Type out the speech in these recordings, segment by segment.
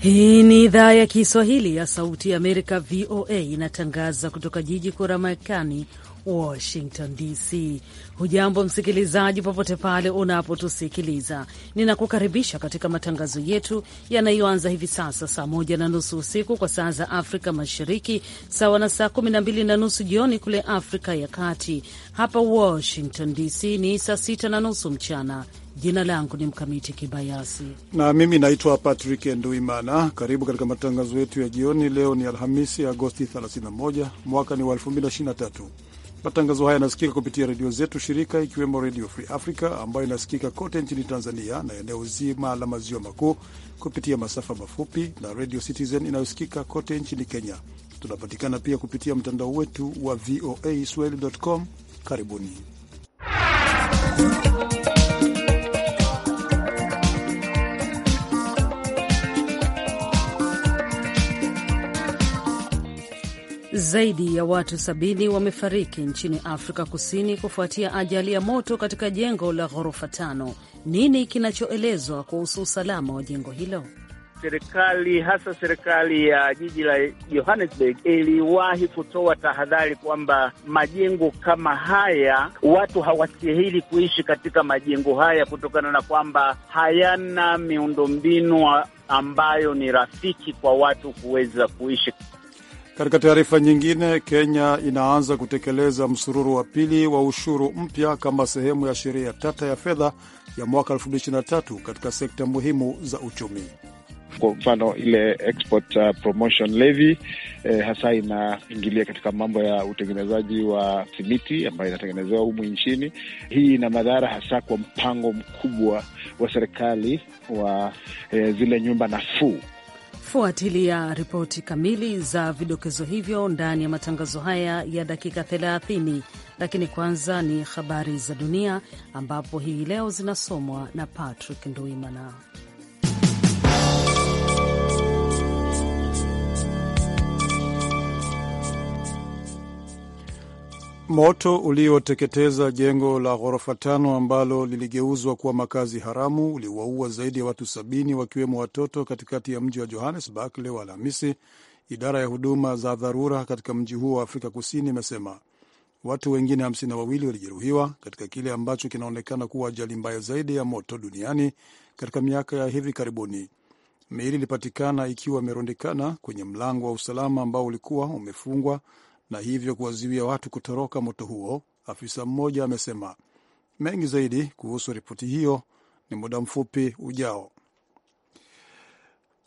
Hii ni idhaa ya Kiswahili ya Sauti ya Amerika, VOA, inatangaza kutoka jiji kuu la Marekani, Washington DC. Hujambo msikilizaji, popote pale unapotusikiliza, ninakukaribisha katika matangazo yetu yanayoanza hivi sasa saa moja na nusu usiku kwa saa za Afrika Mashariki, sawa na saa kumi na mbili na nusu jioni kule Afrika ya Kati. Hapa Washington DC ni saa sita na nusu mchana. Jina langu ni Mkamiti Kibayasi na mimi naitwa Patrick Nduimana. Karibu katika matangazo yetu ya jioni. Leo ni Alhamisi, Agosti 31 mwaka ni wa 2023. Matangazo haya yanasikika kupitia redio zetu shirika, ikiwemo Redio Free Africa ambayo inasikika kote nchini Tanzania na eneo zima la maziwa makuu kupitia masafa mafupi na Redio Citizen inayosikika kote nchini Kenya. Tunapatikana pia kupitia mtandao wetu wa VOA swahili.com. Karibuni. Zaidi ya watu sabini wamefariki nchini Afrika Kusini kufuatia ajali ya moto katika jengo la ghorofa tano. Nini kinachoelezwa kuhusu usalama wa jengo hilo? Serikali hasa serikali ya jiji la Johannesburg iliwahi kutoa tahadhari kwamba majengo kama haya watu hawastahili kuishi katika majengo haya kutokana na kwamba hayana miundombinu ambayo ni rafiki kwa watu kuweza kuishi. Katika taarifa nyingine, Kenya inaanza kutekeleza msururu wa pili wa ushuru mpya kama sehemu ya sheria tata ya fedha ya mwaka 2023 katika sekta muhimu za uchumi. Kwa mfano ile export uh, promotion levy eh, hasa inaingilia katika mambo ya utengenezaji wa simiti ambayo inatengenezewa humu nchini. Hii ina madhara hasa kwa mpango mkubwa wa serikali wa eh, zile nyumba nafuu Fuatilia ripoti kamili za vidokezo hivyo ndani ya matangazo haya ya dakika 30, lakini kwanza ni habari za dunia ambapo hii leo zinasomwa na Patrick Nduimana. Moto ulioteketeza jengo la ghorofa tano ambalo liligeuzwa kuwa makazi haramu uliwaua zaidi ya watu sabini wakiwemo watoto katikati ya mji wa Johannesburg leo Alhamisi, idara ya huduma za dharura katika mji huo wa Afrika Kusini imesema. Watu wengine hamsini na wawili walijeruhiwa katika kile ambacho kinaonekana kuwa ajali mbaya zaidi ya moto duniani katika miaka ya hivi karibuni. Miili ilipatikana ikiwa imerundikana kwenye mlango wa usalama ambao ulikuwa umefungwa na hivyo kuwazuia watu kutoroka moto huo, afisa mmoja amesema. Mengi zaidi kuhusu ripoti hiyo ni muda mfupi ujao.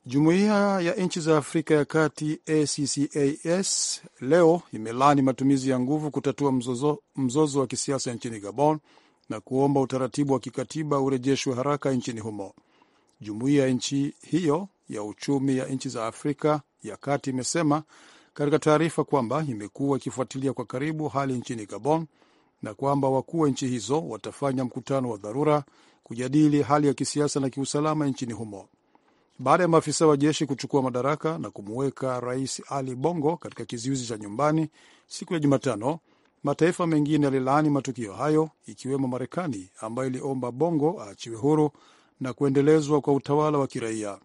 Jumuiya ya nchi za Afrika ya Kati, ACCAS, leo imelaani matumizi ya nguvu kutatua mzozo, mzozo wa kisiasa nchini Gabon na kuomba utaratibu wa kikatiba urejeshwe haraka nchini humo. Jumuiya ya nchi hiyo ya uchumi ya nchi za Afrika ya Kati imesema katika taarifa kwamba imekuwa ikifuatilia kwa karibu hali nchini Gabon na kwamba wakuu wa nchi hizo watafanya mkutano wa dharura kujadili hali ya kisiasa na kiusalama nchini humo baada ya maafisa wa jeshi kuchukua madaraka na kumuweka Rais Ali Bongo katika kizuizi cha nyumbani siku ya Jumatano. Mataifa mengine yalilaani matukio hayo ikiwemo Marekani ambayo iliomba Bongo aachiwe huru na kuendelezwa kwa utawala wa kiraia.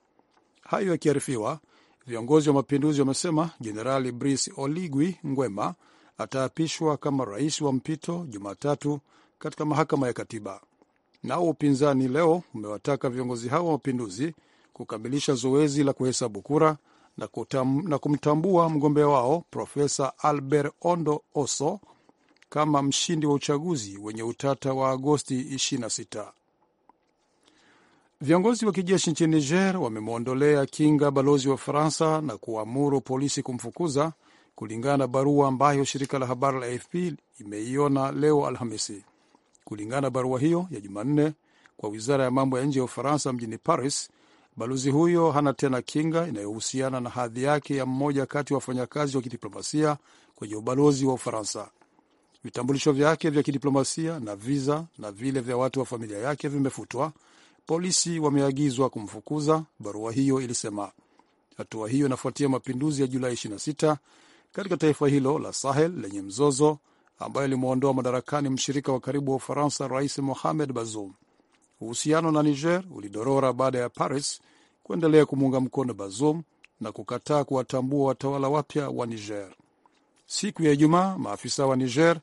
Hayo yakiarifiwa, Viongozi wa mapinduzi wamesema Jenerali Brice Oligui Ngwema ataapishwa kama rais wa mpito Jumatatu katika mahakama ya katiba. Nao upinzani leo umewataka viongozi hao wa mapinduzi kukamilisha zoezi la kuhesabu kura na, kutam, na kumtambua mgombea wao Profesa Albert Ondo Oso kama mshindi wa uchaguzi wenye utata wa Agosti 26. Viongozi wa kijeshi nchini Niger wamemwondolea kinga balozi wa Faransa na kuamuru polisi kumfukuza kulingana na barua ambayo shirika la habari la AFP imeiona leo Alhamisi. Kulingana na barua hiyo ya Jumanne kwa wizara ya mambo ya nje ya Ufaransa mjini Paris, balozi huyo hana tena kinga inayohusiana na hadhi yake ya mmoja kati ya wafanyakazi wa kidiplomasia kwenye ubalozi wa Ufaransa. Vitambulisho vyake vya kidiplomasia na viza na vile vya watu wa familia yake vimefutwa Polisi wameagizwa kumfukuza, barua hiyo ilisema. Hatua hiyo inafuatia mapinduzi ya Julai 26 katika taifa hilo la Sahel lenye mzozo ambayo ilimwondoa madarakani mshirika wa karibu wa Ufaransa, Rais Mohamed Bazoum. Uhusiano na Niger ulidorora baada ya Paris kuendelea kumuunga mkono Bazoum na kukataa kuwatambua watawala wapya wa Niger. Siku ya Ijumaa, maafisa wa Niger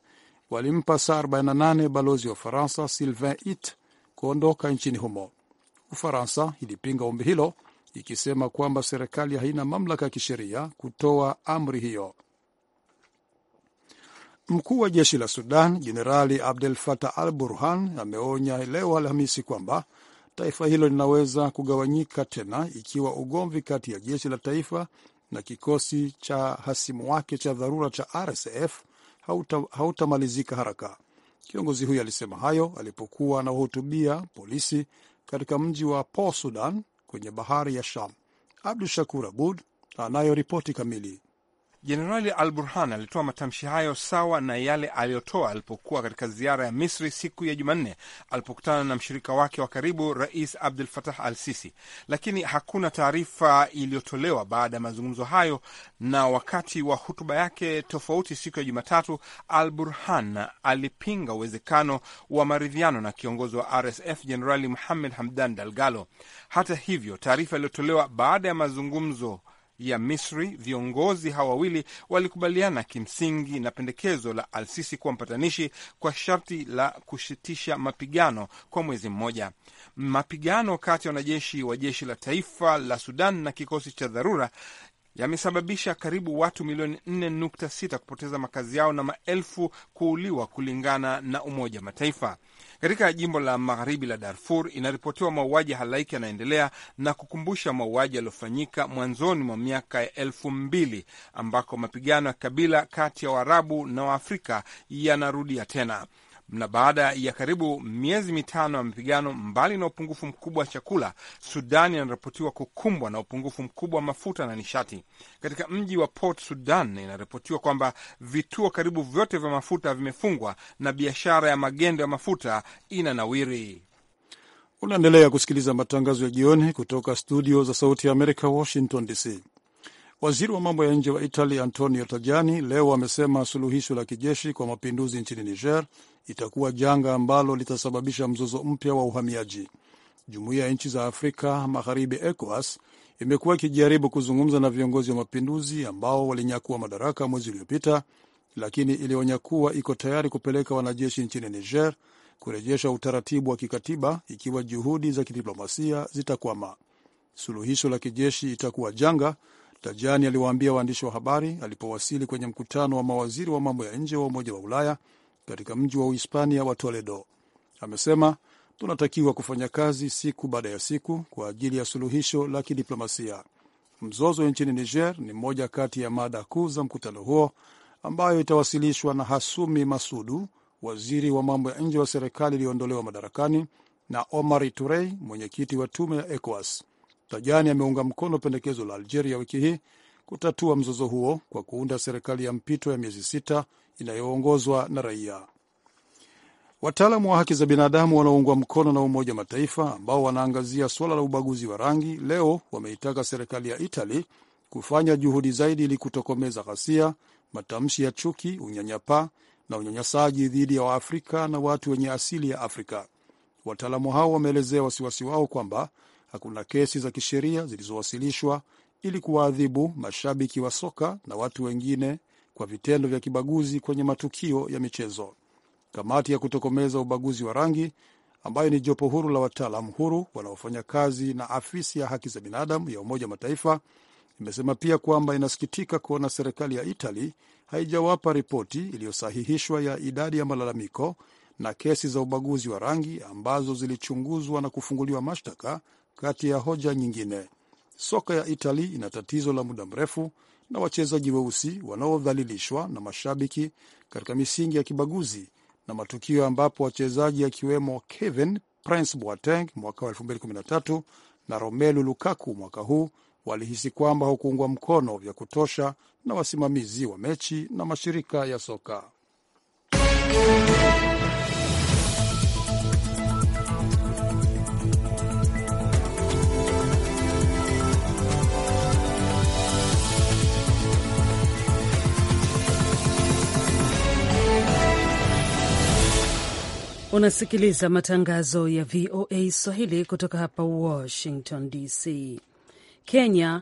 walimpa saa 48 balozi wa Ufaransa Sylvain It kuondoka nchini humo. Ufaransa ilipinga ombi hilo ikisema kwamba serikali haina mamlaka ya kisheria kutoa amri hiyo. Mkuu wa jeshi la Sudan Jenerali Abdel Fattah al Burhan ameonya leo Alhamisi kwamba taifa hilo linaweza kugawanyika tena ikiwa ugomvi kati ya jeshi la taifa na kikosi cha hasimu wake cha dharura cha RSF hautamalizika hauta haraka. Kiongozi huyo alisema hayo alipokuwa anawahutubia polisi katika mji wa Port Sudan kwenye bahari ya Sham. Abdu Shakur Abud anayo ripoti kamili. Jenerali Al Burhan alitoa matamshi hayo sawa na yale aliyotoa alipokuwa katika ziara ya Misri siku ya Jumanne alipokutana na mshirika wake wa karibu Rais Abdul Fatah Al Sisi, lakini hakuna taarifa iliyotolewa baada ya mazungumzo hayo. Na wakati wa hutuba yake tofauti siku ya Jumatatu, Al Burhan alipinga uwezekano wa maridhiano na kiongozi wa RSF Jenerali Muhamed Hamdan Dalgalo. Hata hivyo, taarifa iliyotolewa baada ya mazungumzo ya Misri, viongozi hawa wawili walikubaliana kimsingi na pendekezo la Al-Sisi kuwa mpatanishi kwa sharti la kushitisha mapigano kwa mwezi mmoja. Mapigano kati ya wanajeshi wa jeshi la taifa la Sudan na kikosi cha dharura yamesababisha karibu watu milioni 4.6 kupoteza makazi yao na maelfu kuuliwa, kulingana na Umoja Mataifa. Katika jimbo la magharibi la Darfur inaripotiwa mauaji halaiki yanaendelea na kukumbusha mauaji yaliyofanyika mwanzoni mwa miaka ya elfu mbili ambako mapigano ya kabila kati ya Waarabu na Waafrika yanarudia tena na baada ya karibu miezi mitano ya mapigano, mbali na upungufu mkubwa wa chakula, sudani inaripotiwa kukumbwa na upungufu mkubwa wa mafuta na nishati. Katika mji wa Port Sudan inaripotiwa kwamba vituo karibu vyote vya mafuta vimefungwa na biashara ya magendo ya mafuta inanawiri. Unaendelea kusikiliza matangazo ya jioni kutoka studio za Sauti ya Amerika, Washington DC. Waziri wa mambo ya nje wa Italia Antonio Tajani leo amesema suluhisho la kijeshi kwa mapinduzi nchini Niger itakuwa janga ambalo litasababisha mzozo mpya wa uhamiaji. Jumuiya ya nchi za Afrika Magharibi, ECOWAS, imekuwa ikijaribu kuzungumza na viongozi wa mapinduzi ambao walinyakua madaraka mwezi uliopita, lakini ilionya kuwa iko tayari kupeleka wanajeshi nchini Niger kurejesha utaratibu wa kikatiba ikiwa juhudi za kidiplomasia zitakwama. Suluhisho la kijeshi itakuwa janga, Tajani aliwaambia waandishi wa habari alipowasili kwenye mkutano wa mawaziri wa mambo ya nje wa Umoja wa Ulaya katika mji wa Uhispania wa Toledo. Amesema tunatakiwa kufanya kazi siku baada ya siku kwa ajili ya suluhisho la kidiplomasia. Mzozo nchini Niger ni moja kati ya mada kuu za mkutano huo ambayo itawasilishwa na Hasumi Masudu, waziri wa mambo ya nje wa serikali iliyoondolewa madarakani, na Omar Turey, mwenyekiti wa tume ya ECOWAS. Tajani ameunga mkono pendekezo la Algeria wiki hii kutatua mzozo huo kwa kuunda serikali ya mpito ya miezi sita inayoongozwa na raia. Wataalamu wa haki za binadamu wanaoungwa mkono na Umoja Mataifa ambao wanaangazia suala la ubaguzi wa rangi leo wameitaka serikali ya Itali kufanya juhudi zaidi ili kutokomeza ghasia, matamshi ya chuki, unyanyapaa na unyanyasaji dhidi ya Waafrika na watu wenye asili ya Afrika. Wataalamu hao wameelezea wasiwasi wao kwamba hakuna kesi za kisheria zilizowasilishwa ili kuwaadhibu mashabiki wa soka na watu wengine kwa vitendo vya kibaguzi kwenye matukio ya michezo. Kamati ya kutokomeza ubaguzi wa rangi ambayo ni jopo huru la wataalam huru wanaofanya kazi na afisi ya haki za binadamu ya Umoja wa Mataifa imesema pia kwamba inasikitika kuona serikali ya Itali haijawapa ripoti iliyosahihishwa ya idadi ya malalamiko na kesi za ubaguzi wa rangi ambazo zilichunguzwa na kufunguliwa mashtaka kati ya hoja nyingine. Soka ya Itali ina tatizo la muda mrefu na wachezaji weusi wanaodhalilishwa na mashabiki katika misingi ya kibaguzi na matukio ambapo wachezaji akiwemo Kevin Prince Boateng mwaka wa 2013 na Romelu Lukaku mwaka huu walihisi kwamba hukuungwa mkono vya kutosha na wasimamizi wa mechi na mashirika ya soka. Unasikiliza matangazo ya VOA Swahili kutoka hapa Washington DC. Kenya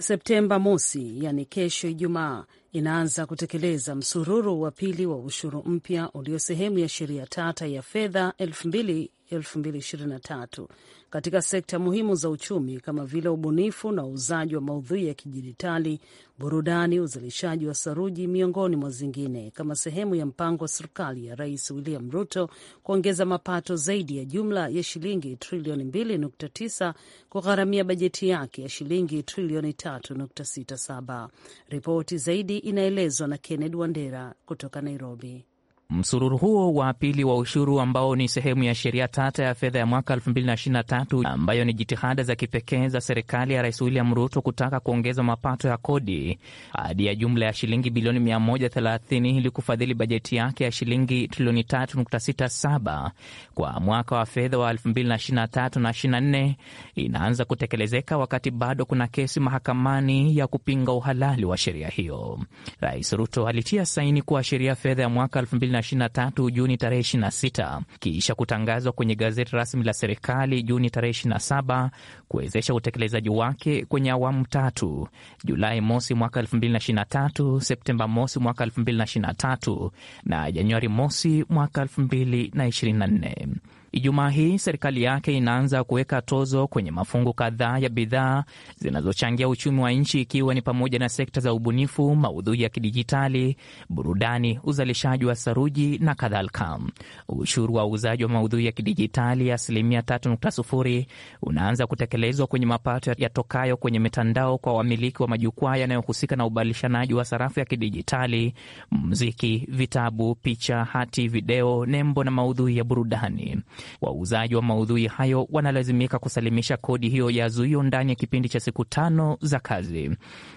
Septemba mosi, yani kesho Ijumaa, inaanza kutekeleza msururu wa pili wa ushuru mpya ulio sehemu ya sheria tata ya fedha 2020 2023 katika sekta muhimu za uchumi kama vile ubunifu na uuzaji wa maudhui ya kidijitali, burudani, uzalishaji wa saruji, miongoni mwa zingine, kama sehemu ya mpango wa serikali ya Rais William Ruto kuongeza mapato zaidi ya jumla ya shilingi trilioni 2.9 kugharamia bajeti yake ya shilingi trilioni 3.67. Ripoti zaidi inaelezwa na kenned Wandera kutoka Nairobi. Msururu huo wa pili wa ushuru ambao ni sehemu ya sheria tata ya fedha ya mwaka 2023 ambayo ni jitihada za kipekee za serikali ya Rais William Ruto kutaka kuongeza mapato ya kodi hadi ya jumla ya shilingi bilioni 130 ili kufadhili bajeti yake ya shilingi trilioni 3.67 kwa mwaka wa fedha wa 2023 na 24 inaanza kutekelezeka wakati bado kuna kesi mahakamani ya kupinga uhalali wa sheria hiyo. Rais Ruto alitia saini kuwa sheria fedha ya mwaka 2023 Juni tarehe 26 kisha kutangazwa kwenye gazeti rasmi la serikali Juni tarehe 27 kuwezesha utekelezaji wake kwenye awamu tatu: Julai mosi mwaka 2023, Septemba mosi mwaka 2023 na Januari mosi mwaka 2024. Ijumaa hii serikali yake inaanza kuweka tozo kwenye mafungu kadhaa ya bidhaa zinazochangia uchumi wa nchi, ikiwa ni pamoja na sekta za ubunifu, maudhui ya kidijitali, burudani, uzalishaji wa saruji na kadhalika. Ushuru wa uuzaji wa maudhui ya kidijitali ya asilimia 3.0 unaanza kutekelezwa kwenye mapato yatokayo kwenye mitandao kwa wamiliki wa majukwaa yanayohusika na ubadilishanaji wa sarafu ya kidijitali, muziki, vitabu, picha, hati, video, nembo na maudhui ya burudani. Wauzaji wa maudhui hayo wanalazimika kusalimisha kodi hiyo ya zuio ndani ya kipindi cha siku tano za kazi.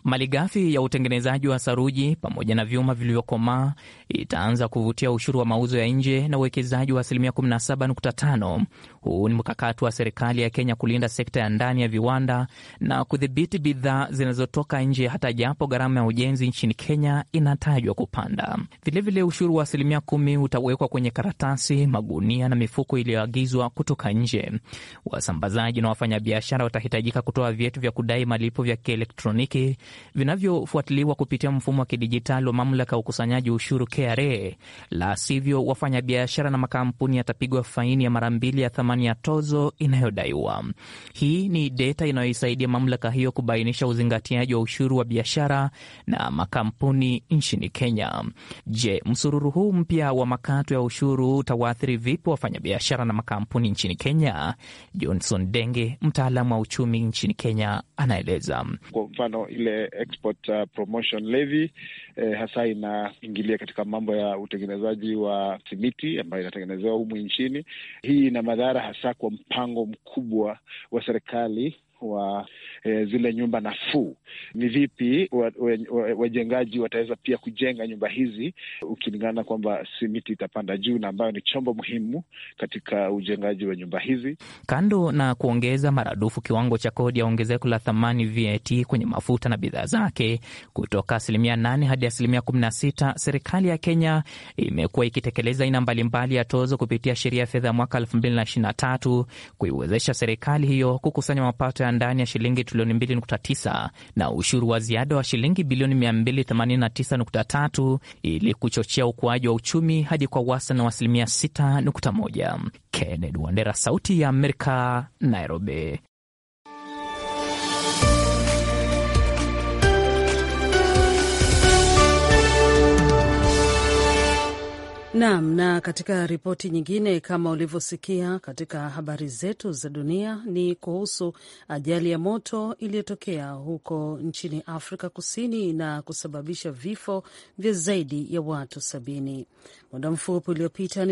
Malighafi ya utengenezaji wa saruji pamoja na vyuma vilivyokomaa itaanza kuvutia ushuru wa mauzo ya nje na uwekezaji wa asilimia 17.5. Huu ni mkakati wa serikali ya Kenya kulinda sekta ya ndani ya viwanda na kudhibiti bidhaa zinazotoka nje, hata japo gharama ya ujenzi nchini Kenya inatajwa kupanda. Vilevile, ushuru wa asilimia kumi utawekwa kwenye karatasi, magunia na mifuko ili yaliyoagizwa kutoka nje. Wasambazaji na wafanyabiashara watahitajika kutoa vyeti vya kudai malipo vya kielektroniki vinavyofuatiliwa kupitia mfumo wa kidijitali wa mamlaka ya ukusanyaji ushuru KRA. La sivyo, wafanyabiashara na makampuni yatapigwa faini ya mara mbili ya thamani ya tozo inayodaiwa. Hii ni deta inayoisaidia mamlaka hiyo kubainisha uzingatiaji wa ushuru wa biashara na makampuni nchini Kenya. Je, msururu huu mpya wa makato ya ushuru utawaathiri vipi wafanyabiashara biashara na makampuni nchini Kenya. Johnson Denge, mtaalamu wa uchumi nchini Kenya, anaeleza. Kwa mfano ile export uh, promotion levy eh, hasa inaingilia katika mambo ya utengenezaji wa simiti ambayo inatengenezewa humu nchini. Hii ina madhara hasa kwa mpango mkubwa wa serikali wa eh, zile nyumba nafuu. Ni vipi wajengaji wataweza pia kujenga nyumba hizi, ukilingana kwamba si miti itapanda juu, na ambayo ni chombo muhimu katika ujengaji wa nyumba hizi, kando na kuongeza maradufu kiwango cha kodi ya ongezeko la thamani VAT kwenye mafuta na bidhaa zake kutoka asilimia 8 hadi asilimia 16. Serikali ya Kenya imekuwa ikitekeleza aina mbalimbali ya tozo kupitia sheria ya fedha ya mwaka 2023 kuiwezesha serikali hiyo kukusanya mapato ya ndani ya shilingi trilioni 2.9 na ushuru wa ziada wa shilingi bilioni 289.3 ili kuchochea ukuaji wa uchumi hadi kwa wastani wa asilimia 6.1. Kennedy Wandera, Sauti ya Amerika, Nairobi. Naam, na katika ripoti nyingine, kama ulivyosikia katika habari zetu za dunia, ni kuhusu ajali ya moto iliyotokea huko nchini Afrika Kusini na kusababisha vifo vya zaidi ya watu sabini. Muda mfupi uliopita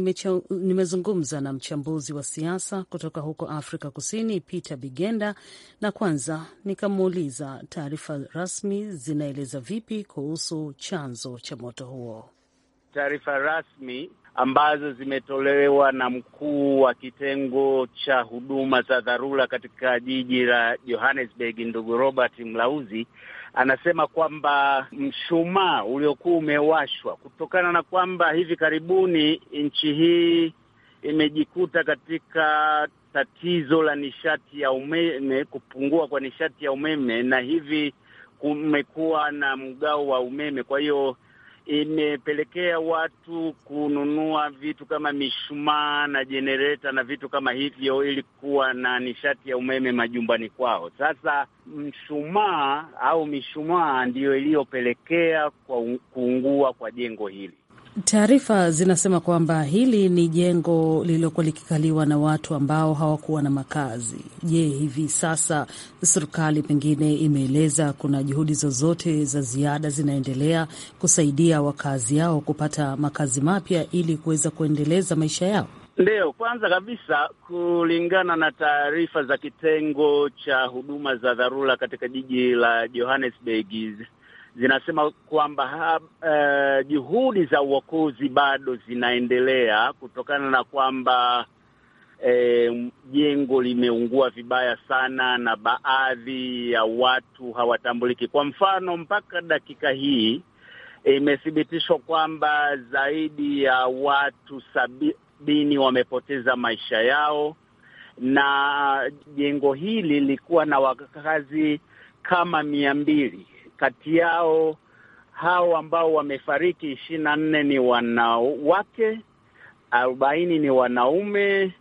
nimezungumza na mchambuzi wa siasa kutoka huko Afrika Kusini, Peter Bigenda, na kwanza nikamuuliza taarifa rasmi zinaeleza vipi kuhusu chanzo cha moto huo taarifa rasmi ambazo zimetolewa na mkuu wa kitengo cha huduma za dharura katika jiji la Johannesburg, ndugu Robert Mlauzi, anasema kwamba mshumaa uliokuwa umewashwa kutokana na kwamba hivi karibuni nchi hii imejikuta katika tatizo la nishati ya umeme, kupungua kwa nishati ya umeme, na hivi kumekuwa na mgao wa umeme, kwa hiyo imepelekea watu kununua vitu kama mishumaa na jenereta na vitu kama hivyo ili kuwa na nishati ya umeme majumbani kwao. Sasa mshumaa au mishumaa ndiyo iliyopelekea kwa kuungua kwa jengo hili. Taarifa zinasema kwamba hili ni jengo lililokuwa likikaliwa na watu ambao hawakuwa na makazi. Je, hivi sasa serikali pengine imeeleza kuna juhudi zozote za ziada zinaendelea kusaidia wakazi yao kupata makazi mapya ili kuweza kuendeleza maisha yao? Ndiyo, kwanza kabisa, kulingana na taarifa za kitengo cha huduma za dharura katika jiji la Johannesburg zinasema kwamba uh, juhudi za uokozi bado zinaendelea kutokana na kwamba E, jengo limeungua vibaya sana na baadhi ya watu hawatambuliki. Kwa mfano, mpaka dakika hii e, imethibitishwa e, kwamba zaidi ya watu sabini wamepoteza maisha yao, na jengo hili lilikuwa na wakazi kama mia mbili kati yao hao ambao wamefariki ishirini na nne ni wanawake, arobaini ni wanaume.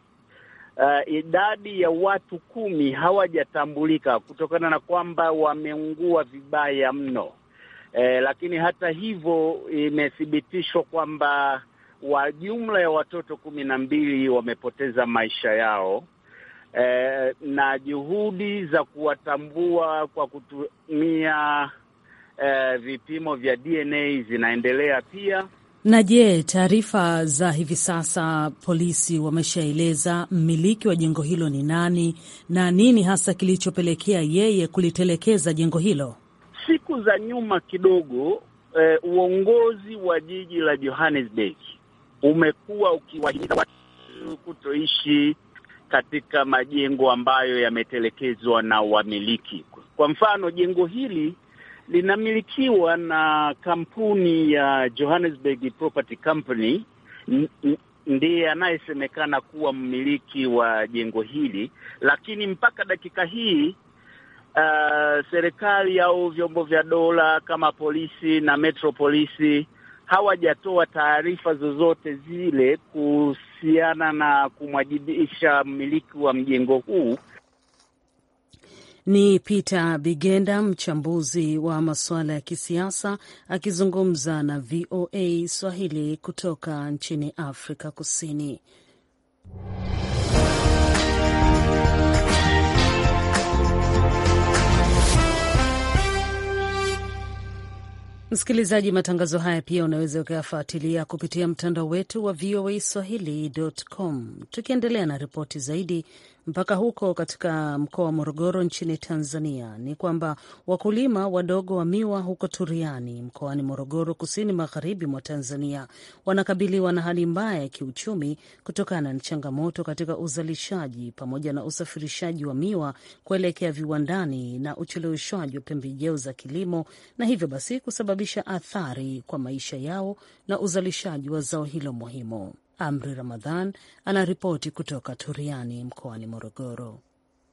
Uh, idadi ya watu kumi hawajatambulika kutokana na kwamba wameungua vibaya mno. Eh, lakini hata hivyo imethibitishwa kwamba wa jumla ya watoto kumi na mbili wamepoteza maisha yao. Eh, na juhudi za kuwatambua kwa kutumia Eh, vipimo vya DNA zinaendelea pia. Na je, taarifa za hivi sasa polisi wameshaeleza mmiliki wa jengo hilo ni nani na nini hasa kilichopelekea yeye kulitelekeza jengo hilo? Siku za nyuma kidogo, eh, uongozi wa jiji la Johannesburg umekuwa ukiwahimiza watu kutoishi katika majengo ambayo yametelekezwa na wamiliki. Kwa mfano, jengo hili linamilikiwa na kampuni ya Johannesburg Property Company, ndiye anayesemekana kuwa mmiliki wa jengo hili, lakini mpaka dakika hii uh, serikali au vyombo vya dola kama polisi na metro polisi hawajatoa taarifa zozote zile kuhusiana na kumwajibisha mmiliki wa mjengo huu ni Peter Bigenda, mchambuzi wa masuala ya kisiasa, akizungumza na VOA Swahili kutoka nchini Afrika Kusini. Msikilizaji, matangazo haya pia unaweza ukayafuatilia kupitia mtandao wetu wa VOA Swahili.com. Tukiendelea na ripoti zaidi, mpaka huko katika mkoa wa Morogoro nchini Tanzania ni kwamba wakulima wadogo wa miwa huko Turiani mkoani Morogoro, kusini magharibi mwa Tanzania, wanakabiliwa na hali mbaya ya kiuchumi kutokana na changamoto katika uzalishaji pamoja na usafirishaji wa miwa kuelekea viwandani na ucheleweshwaji wa pembejeo za kilimo, na hivyo basi kusababisha athari kwa maisha yao na uzalishaji wa zao hilo muhimu. Amri Ramadhan anaripoti kutoka Turiani mkoani Morogoro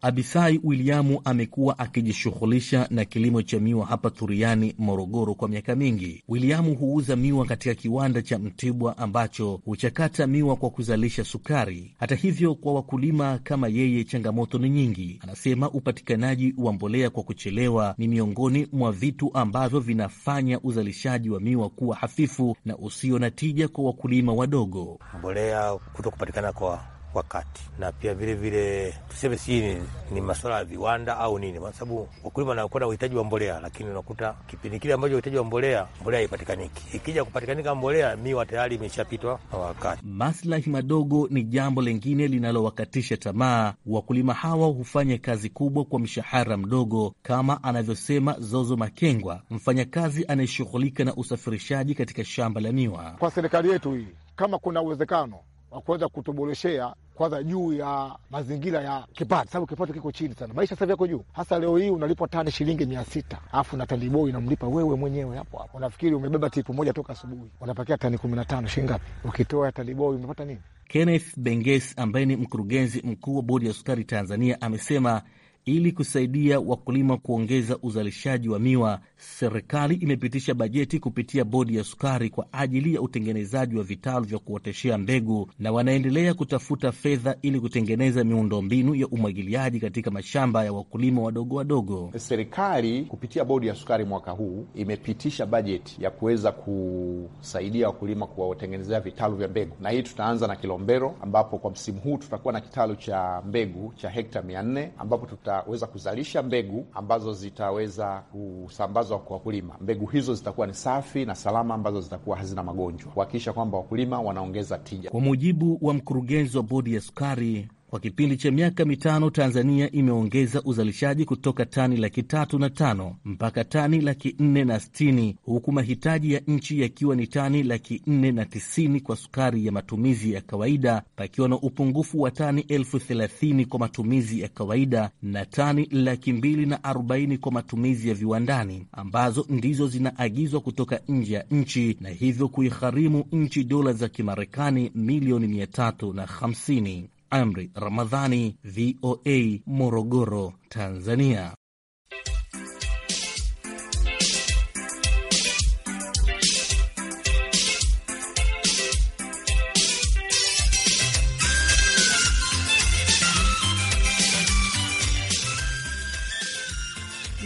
abisai Williamu amekuwa akijishughulisha na kilimo cha miwa hapa thuriani Morogoro kwa miaka mingi. Williamu huuza miwa katika kiwanda cha Mtibwa ambacho huchakata miwa kwa kuzalisha sukari. Hata hivyo, kwa wakulima kama yeye, changamoto ni nyingi. Anasema upatikanaji wa mbolea kwa kuchelewa ni miongoni mwa vitu ambavyo vinafanya uzalishaji wa miwa kuwa hafifu na usio na tija kwa wakulima wadogo. Mbolea kuto kupatikana kwa kwa kati, na pia vilevile tuseme si ni, ni masuala ya viwanda au nini, kwa sababu wakulima wanakuwa na uhitaji wa mbolea, lakini unakuta kipindi kile ambacho uhitaji wa mbolea mbolea haipatikaniki. Ikija kupatikanika mbolea, miwa tayari imeshapitwa na wakati. Maslahi madogo ni jambo lingine linalowakatisha tamaa wakulima hawa, hufanya kazi kubwa kwa mshahara mdogo, kama anavyosema Zozo Makengwa, mfanyakazi anayeshughulika na usafirishaji katika shamba la miwa. Kwa serikali yetu hii, kama kuna uwezekano wa kuweza kutuboreshea kwanza juu ya mazingira ya kipato, sababu kipato kiko chini sana, maisha sasa yako juu. Hasa leo hii unalipwa tani shilingi mia sita alafu na tandiboi namlipa wewe mwenyewe hapo hapo. Unafikiri umebeba tipu moja toka asubuhi, unapakia tani kumi na tano shilingi ngapi? Ukitoa tandiboi umepata nini? Kenneth Benges ambaye ni mkurugenzi mkuu wa bodi ya sukari Tanzania amesema ili kusaidia wakulima kuongeza uzalishaji wa miwa, serikali imepitisha bajeti kupitia bodi ya sukari kwa ajili ya utengenezaji wa vitalu vya kuoteshea mbegu, na wanaendelea kutafuta fedha ili kutengeneza miundombinu ya umwagiliaji katika mashamba ya wakulima wadogo wadogo. Serikali kupitia bodi ya sukari mwaka huu imepitisha bajeti ya kuweza kusaidia wakulima kuwatengenezea vitalu vya mbegu, na hii tutaanza na Kilombero ambapo kwa msimu huu tutakuwa na kitalu cha mbegu cha hekta mia nne ambapo tuta wataweza kuzalisha mbegu ambazo zitaweza kusambazwa kwa wakulima. Mbegu hizo zitakuwa ni safi na salama, ambazo zitakuwa hazina magonjwa, kuhakikisha kwamba wakulima wanaongeza tija. Kwa mujibu wa mkurugenzi wa bodi ya sukari kwa kipindi cha miaka mitano Tanzania imeongeza uzalishaji kutoka tani laki tatu na tano mpaka tani laki nne na sitini huku mahitaji ya nchi yakiwa ni tani laki nne na tisini kwa sukari ya matumizi ya kawaida, pakiwa na upungufu wa tani elfu thelathini kwa matumizi ya kawaida na tani laki mbili na arobaini kwa matumizi ya viwandani, ambazo ndizo zinaagizwa kutoka nje ya nchi na hivyo kuigharimu nchi dola za Kimarekani milioni mia tatu na hamsini. Amri Ramadhani, VOA, Morogoro, Tanzania.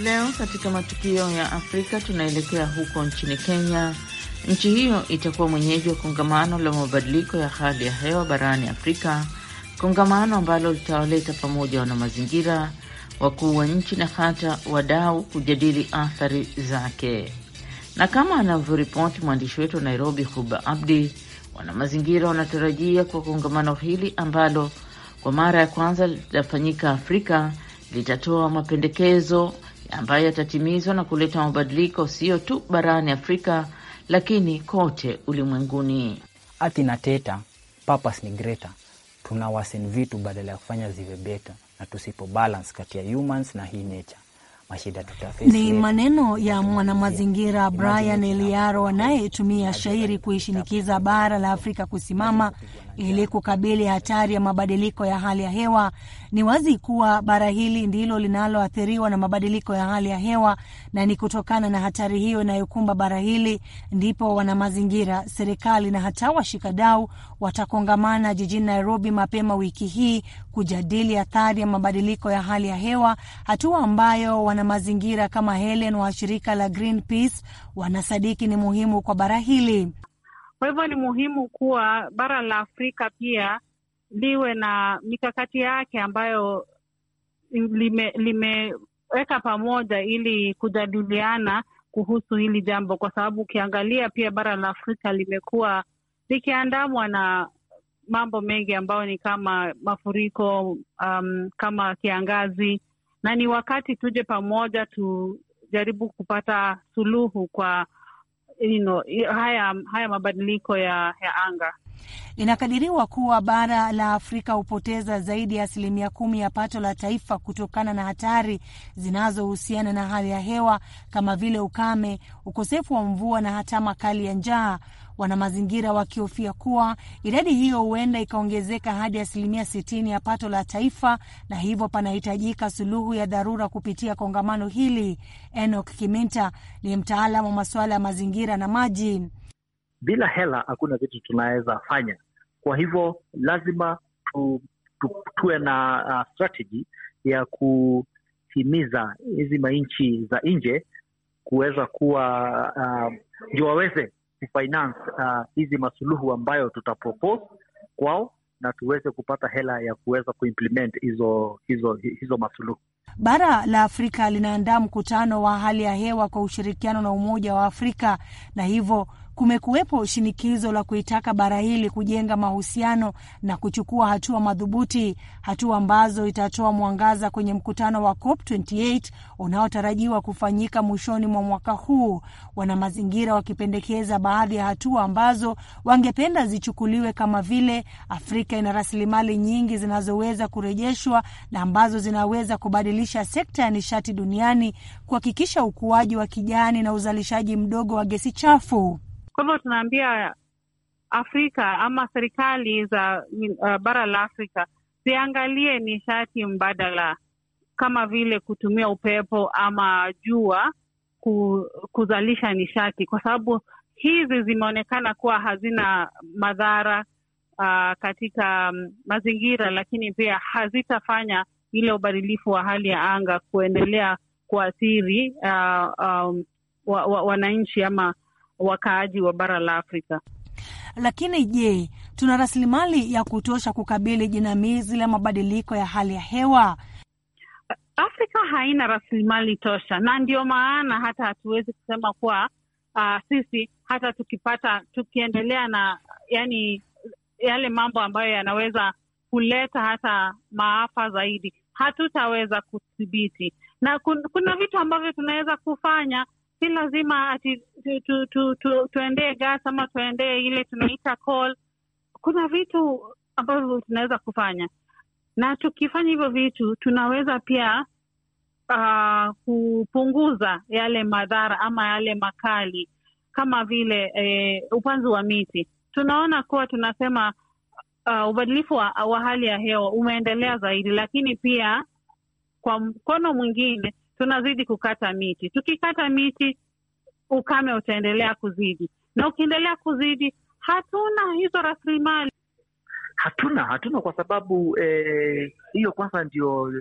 Leo katika matukio ya Afrika tunaelekea huko nchini Kenya. Nchi hiyo itakuwa mwenyeji wa kongamano la mabadiliko ya hali ya hewa barani Afrika kongamano ambalo litawaleta pamoja wana mazingira, wakuu wa nchi na hata wadau kujadili athari zake. Na kama anavyoripoti mwandishi wetu wa Nairobi, Huba Abdi, wanamazingira wanatarajia kwa kongamano hili ambalo kwa mara ya kwanza litafanyika Afrika litatoa mapendekezo ambayo yatatimizwa na kuleta mabadiliko sio tu barani Afrika lakini kote ulimwenguni. Athi na teta, purpose ni greater tunawaseni vitu badala ya kufanya ziwe beta, na tusipo balance kati ya humans na hii nature mashida tutafesi. Ni maneno ya mwanamazingira Brian Eliaro anayetumia shairi kuishinikiza bara la Afrika kusimama ili kukabili hatari ya mabadiliko ya hali ya hewa. Ni wazi kuwa bara hili ndilo linaloathiriwa na mabadiliko ya hali ya hewa, na ni kutokana na hatari hiyo inayokumba bara hili ndipo wanamazingira, serikali na hata washikadau watakongamana jijini Nairobi mapema wiki hii kujadili athari ya mabadiliko ya hali ya hewa, hatua ambayo wana mazingira kama Helen wa shirika la Greenpeace wanasadiki ni muhimu kwa bara hili. Kwa hivyo ni muhimu kuwa bara la Afrika pia liwe na mikakati yake ambayo limeweka lime pamoja ili kujadiliana kuhusu hili jambo, kwa sababu ukiangalia pia bara la Afrika limekuwa likiandamwa na mambo mengi ambayo ni kama mafuriko, um, kama kiangazi, na ni wakati tuje pamoja tujaribu kupata suluhu kwa you know, haya, haya mabadiliko ya, ya anga. Inakadiriwa kuwa bara la Afrika hupoteza zaidi ya asilimia kumi ya pato la taifa kutokana na hatari zinazohusiana na hali ya hewa kama vile ukame, ukosefu wa mvua na hata makali ya njaa Wanamazingira wakihofia kuwa idadi hiyo huenda ikaongezeka hadi asilimia 60 ya pato la taifa, na hivyo panahitajika suluhu ya dharura kupitia kongamano hili. enok Kiminta ni mtaalam wa masuala ya mazingira na maji. Bila hela hakuna vitu tunaweza fanya, kwa hivyo lazima tu, tu, tuwe na uh, strategy ya kuhimiza hizi manchi za nje kuweza kuwa uh, ndio waweze kufinance uh, hizi uh, masuluhu ambayo tutapropose kwao na tuweze kupata hela ya kuweza kuimplement hizo hizo hizo masuluhu. Bara la Afrika linaandaa mkutano wa hali ya hewa kwa ushirikiano na Umoja wa Afrika na hivyo kumekuwepo shinikizo la kuitaka bara hili kujenga mahusiano na kuchukua hatua madhubuti, hatua ambazo itatoa mwangaza kwenye mkutano wa COP28 unaotarajiwa kufanyika mwishoni mwa mwaka huu, wanamazingira wakipendekeza baadhi ya hatua ambazo wangependa zichukuliwe, kama vile Afrika ina rasilimali nyingi zinazoweza kurejeshwa na ambazo zinaweza kubadilisha sekta ya nishati duniani, kuhakikisha ukuaji wa kijani na uzalishaji mdogo wa gesi chafu. Kwa hivyo tunaambia Afrika ama serikali za uh, bara la Afrika ziangalie nishati mbadala kama vile kutumia upepo ama jua kuzalisha nishati, kwa sababu hizi zimeonekana kuwa hazina madhara uh, katika um, mazingira, lakini pia hazitafanya ile ubadilifu wa hali ya anga kuendelea kuathiri uh, um, wananchi wa, wa ama wakaaji wa bara la Afrika. Lakini je, tuna rasilimali ya kutosha kukabili jinamizi la mabadiliko ya hali ya hewa? Afrika haina rasilimali tosha, na ndio maana hata hatuwezi kusema kuwa uh, sisi hata tukipata tukiendelea na yani yale mambo ambayo yanaweza kuleta hata maafa zaidi hatutaweza kudhibiti, na kuna vitu ambavyo tunaweza kufanya si lazima ati tu, tu, tu, tu, tuendee gas ama tuendee ile tunaita coal. Kuna vitu ambavyo tunaweza kufanya, na tukifanya hivyo vitu tunaweza pia uh, kupunguza yale madhara ama yale makali kama vile eh, upanzi wa miti. Tunaona kuwa tunasema uh, ubadilifu wa, wa hali ya hewa umeendelea zaidi, lakini pia kwa mkono mwingine tunazidi kukata miti. Tukikata miti, ukame utaendelea kuzidi, na ukiendelea kuzidi, hatuna hizo rasilimali, hatuna hatuna, kwa sababu eh, hiyo eh, kwanza ndio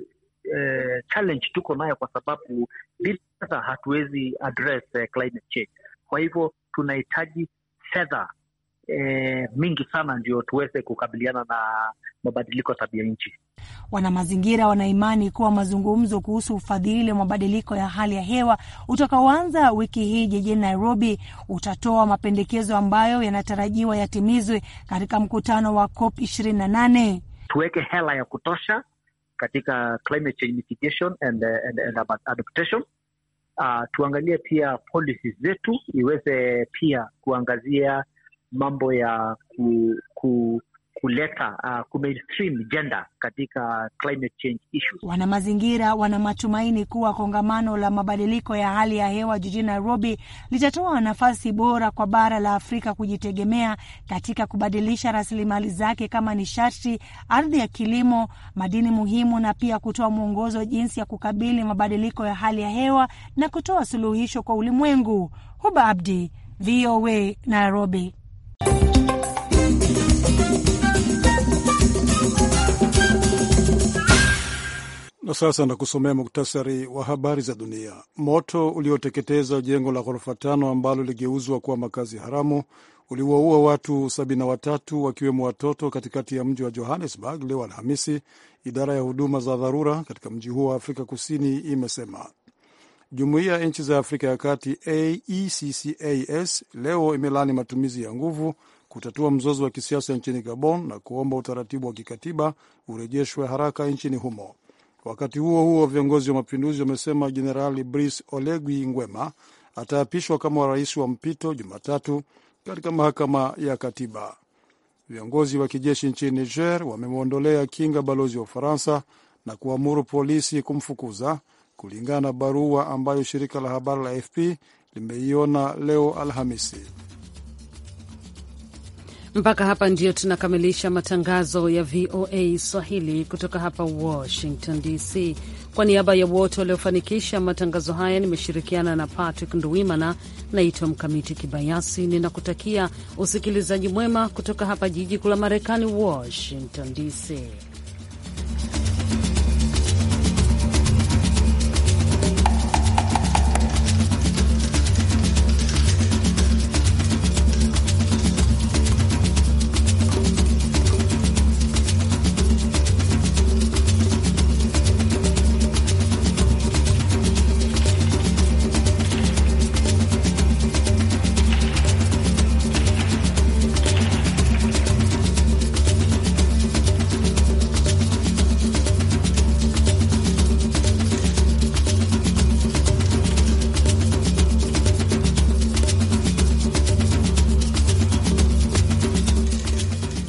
eh, challenge tuko nayo, kwa sababu bila fedha hatuwezi address eh, climate change. Kwa hivyo tunahitaji fedha eh, mingi sana ndio tuweze kukabiliana na mabadiliko ya tabia nchi. Wanamazingira wanaimani kuwa mazungumzo kuhusu ufadhili wa mabadiliko ya hali ya hewa utakaoanza wiki hii jijini Nairobi utatoa mapendekezo ambayo yanatarajiwa yatimizwe katika mkutano wa COP 28. Tuweke hela ya kutosha katika climate change mitigation and, and, and adaptation. Uh, tuangalie pia policies zetu iweze pia kuangazia mambo ya ku, ku kuleta uh, kumainstream gender katika climate change issues. Wana mazingira wana matumaini kuwa kongamano la mabadiliko ya hali ya hewa jijini Nairobi litatoa nafasi bora kwa bara la Afrika kujitegemea katika kubadilisha rasilimali zake kama nishati, ardhi ya kilimo, madini muhimu, na pia kutoa mwongozo jinsi ya kukabili mabadiliko ya hali ya hewa na kutoa suluhisho kwa ulimwengu. Huba Abdi, VOA, Nairobi. Na sasa nakusomea muktasari wa habari za dunia. Moto ulioteketeza jengo la ghorofa tano ambalo ligeuzwa kuwa makazi haramu uliwaua watu 73 wakiwemo watoto katikati ya mji wa Johannesburg leo Alhamisi, idara ya huduma za dharura katika mji huo wa Afrika Kusini imesema. Jumuiya ya nchi za Afrika ya Kati AECCAS leo imelaani matumizi ya nguvu kutatua mzozo wa kisiasa nchini Gabon na kuomba utaratibu wa kikatiba urejeshwe haraka nchini humo. Wakati huo huo, viongozi wa mapinduzi wamesema Jenerali Brice Oligui Nguema ataapishwa kama rais wa mpito Jumatatu katika mahakama ya katiba. Viongozi wa kijeshi nchini Niger wamemwondolea kinga balozi wa Ufaransa na kuamuru polisi kumfukuza kulingana na barua ambayo shirika la habari la AFP limeiona leo Alhamisi. Mpaka hapa ndio tunakamilisha matangazo ya VOA Swahili kutoka hapa Washington DC. Kwa niaba ya wote waliofanikisha matangazo haya, nimeshirikiana na Patrick Nduwimana. Naitwa Mkamiti Kibayasi, ninakutakia usikilizaji mwema kutoka hapa jiji kuu la Marekani, Washington DC.